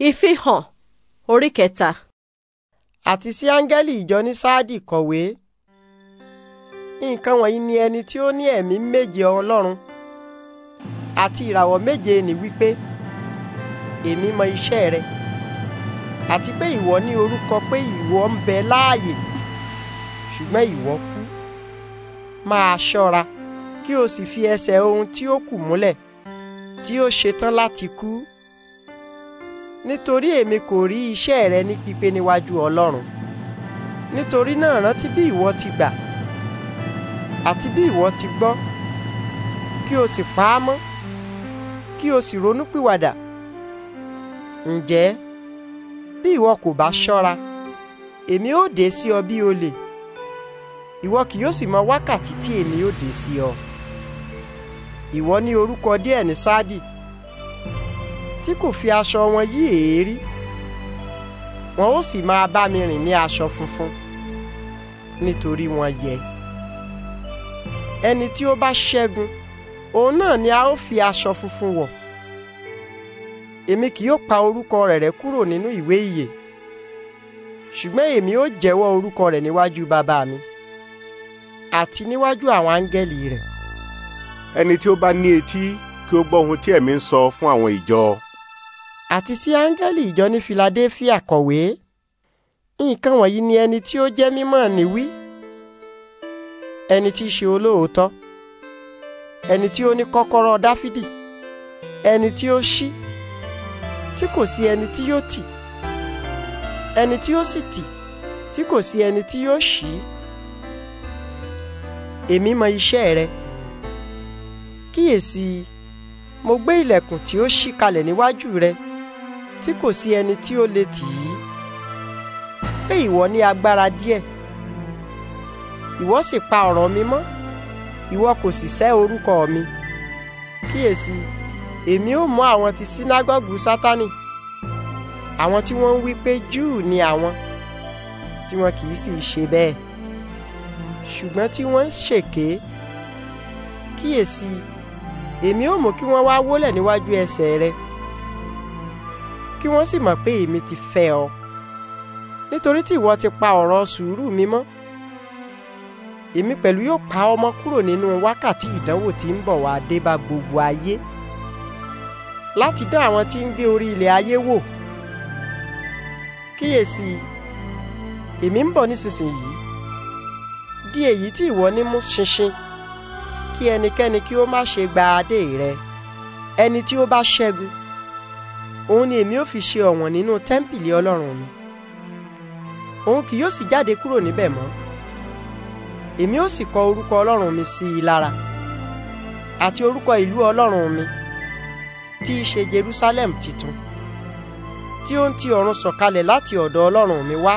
ìfihàn orí kẹta. àti sí áńgẹ́lì ìjọ ní sáàdì kọ̀wé. nǹkan wọ̀nyí ni ẹni tí ó ní ẹ̀mí méje ọlọ́run àti ìràwọ̀ méje ni wípé èmi mọ iṣẹ́ rẹ àti pé ìwọ ní orúkọ pé ìwọ ń bẹ láàyè ṣùgbọ́n ìwọ kú máa ṣọ́ra kí o sì fi ẹsẹ̀ ohun tí ó kù múlẹ̀ tí ó ṣetán láti kú nítorí èmi kò rí iṣẹ́ rẹ ní pípé níwájú Ọlọ́run nítorí náà rántí bí ìwọ ti gbà àti bí ìwọ ti gbọ́ kí o sì pa á mọ́ kí o sì ronúpìwàdà ǹjẹ́ bí ìwọ kò bá ṣọ́ra èmi ó dé sí ọ bí olè ìwọ kì yóò sì mọ wákàtí tí èmi ó dé sí ọ ìwọ ní orúkọ díẹ̀ ní Sádì tí kò fi aṣọ wọn yí èérí wọn ó sì máa bá mi rìn ní aṣọ funfun nítorí wọn yẹ ẹni tí ó bá ṣẹ́gun òun náà ni a ó fi aṣọ funfun wọ̀ èmi kì yóò pa orúkọ rẹ̀ rẹ́ kúrò nínú ìwé ìyè ṣùgbọ́n èmi ó jẹ́wọ́ orúkọ rẹ̀ níwájú bàbá mi àti níwájú àwọn áńgẹ́lì rẹ̀. ẹni tí ó bá ní etí kí ó gbọ́ ohun tí ẹ̀mí ń sọ fún àwọn ìjọ àti sí áńgẹ́lì ìjọ ní filadelfia kọ̀wé nǹkan wọ̀nyí ni ẹni tí ó jẹ́ mímọ́ ni wí ẹni tí í ṣe olóòótọ́ ẹni tí ó ní kọ́kọ́rọ́ dáfídì ẹni tí ó ṣí tí kò sí ẹni tí yóò tì ẹni tí ó sì tì tí kò sí ẹni tí yóò ṣí èmi mọ iṣẹ́ rẹ kíyèsí mo gbé ilẹ̀kùn tí ó ṣí kalẹ̀ níwájú rẹ tí kò sí ẹni tí ó lè tì í pé ìwọ ní agbára díẹ̀ ìwọ sì pa ọ̀rọ̀ mi mọ́ ìwọ kò sì sẹ́ orúkọ mi kíyèsí èmi ó mú àwọn ti sínágọ́gù sátánì àwọn tí wọ́n ń wí pé júù ni àwọn tí wọn kì í sì ṣe bẹ́ẹ̀ ṣùgbọ́n tí wọ́n ń ṣèké kíyèsí èmi ó mú kí wọ́n wá wólẹ̀ níwájú ẹsẹ̀ rẹ̀ kí wọ́n sì mọ̀ pé èmi ti fẹ́ ọ nítorí tí ìwọ ti pa ọ̀rọ̀ sùúrù mi mọ́ èmi pẹ̀lú yóò pa ọmọ kúrò nínú wákàtí ìdánwò tí ń bọ̀ wá dé bá gbogbo ayé láti dá àwọn tí ń gbé orí ilẹ̀ ayé wò kíyèsí èmi ń bọ̀ nísinsìnyí di èyí tí ìwọ ní mú ṣinṣin kí ẹnikẹ́ni kí ó má ṣe gba adé rẹ ẹni tí ó bá ṣẹ́gun òun ni èmi ó fi ṣe ọ̀wọ̀n nínú tẹ́ḿpìlì ọlọ́run mi òun kì yóò sì jáde kúrò níbẹ̀ mọ́ èmi ó sì kọ orúkọ ọlọ́run mi sí i lára àti orúkọ ìlú ọlọ́run mi tí í ṣe Jerusalem titun tí ó ń ti ọ̀run sọ̀kalẹ̀ láti ọ̀dọ̀ ọlọ́run mi wá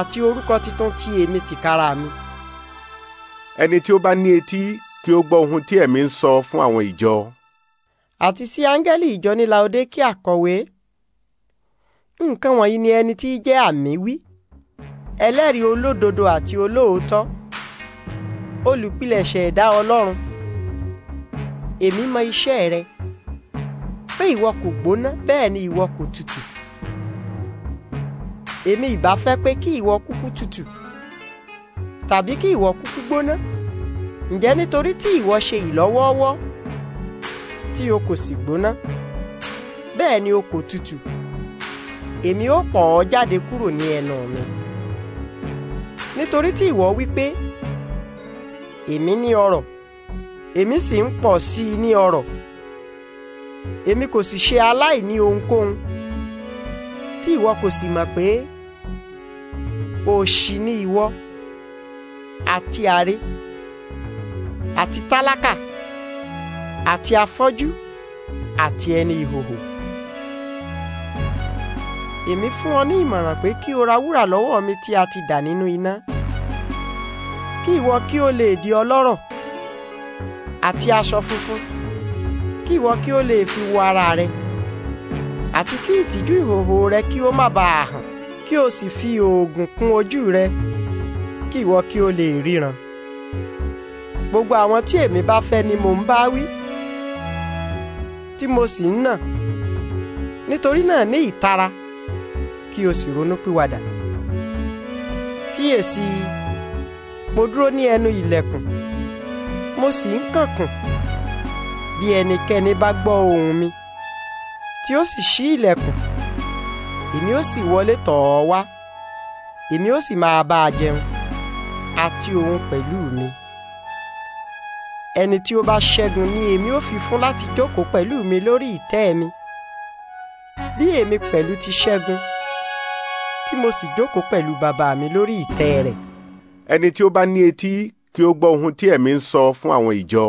àti orúkọ titun tí èmi tìkára mi. ẹni tí ó bá ní etí kí ó gbọ́ ohun tí ẹ̀mí ń sọ fún àwọn ìjọ. àti sí áńgẹ́lì ìjọ ní Laodikia kọ̀wé nǹkan wọ̀nyí ni ẹni tí í jẹ́ àmì wí ẹlẹ́rìí olódodo àti olóòótọ́ olùpilẹ̀ṣẹ̀ ẹ̀dá Ọlọ́run èmi mọ iṣẹ́ rẹ pé ìwọ kò gbóná bẹ́ẹ̀ ni ìwọ kò tutù èmi ìbá fẹ́ pé kí ìwọ kúkú tutù tàbí kí ìwọ kúkú gbóná ǹjẹ́ nítorí tí ìwọ ṣe ìlọ́wọ́ọ́wọ́ tí o kò sì gbóná bẹ́ẹ̀ ni o kò tutù èmi ó pọ̀ ọ́ jáde kúrò ní ẹnu mi nítorí tí ìwọ wí pé èmi ní ọrọ̀ èmi sì ń pọ̀ sí i ní ọrọ̀ èmi kò sì ṣe aláìní ohunkóhun tí ìwọ kò sì mọ̀ pé òṣì ni ìwọ àti àrè àti tálákà àti afọ́jú àti ẹni ìhòhò. èmi fún ọ ní ìmọ̀ràn pé kí o ra wúrà lọ́wọ́ mi tí a ti dà nínú iná kí ìwọ kí o lè di ọlọ́rọ̀ àti aṣọ funfun kí ìwọ kí o lè fi wọ ara rẹ àti kí ìtìjú ìhòhò rẹ kí o má bàa hàn kí o sì fi oògùn kún ojú rẹ kí ìwọ kí o lè ríran gbogbo àwọn tí èmi bá fẹ́ ni mò ń bá wí tí mo sì ń nà nítorí náà ní ìtara kí o sì ronú pìwàdà kíyèsí mo dúró ní ẹnu ilẹ̀kùn mo sì ń kànkùn bí ẹnikẹ́ni bá gbọ́ ohùn mi tí ó sì ṣí ilẹ̀kùn èmi ó sì wọlé tọ̀ ọ́ wá èmi ó sì máa bá a jẹun àti òun pẹ̀lú mi ẹni tí ó bá ṣẹ́gun ni èmi ó fi fún láti jókòó pẹ̀lú mi lórí ìtẹ́ mi bí èmi pẹ̀lú ti ṣẹ́gun tí mo sì jókòó pẹ̀lú bàbá mi lórí ìtẹ́ rẹ̀. ẹni tí ó bá ní etí kí ó gbọ́ ohun tí ẹ̀mí ń sọ fún àwọn ìjọ.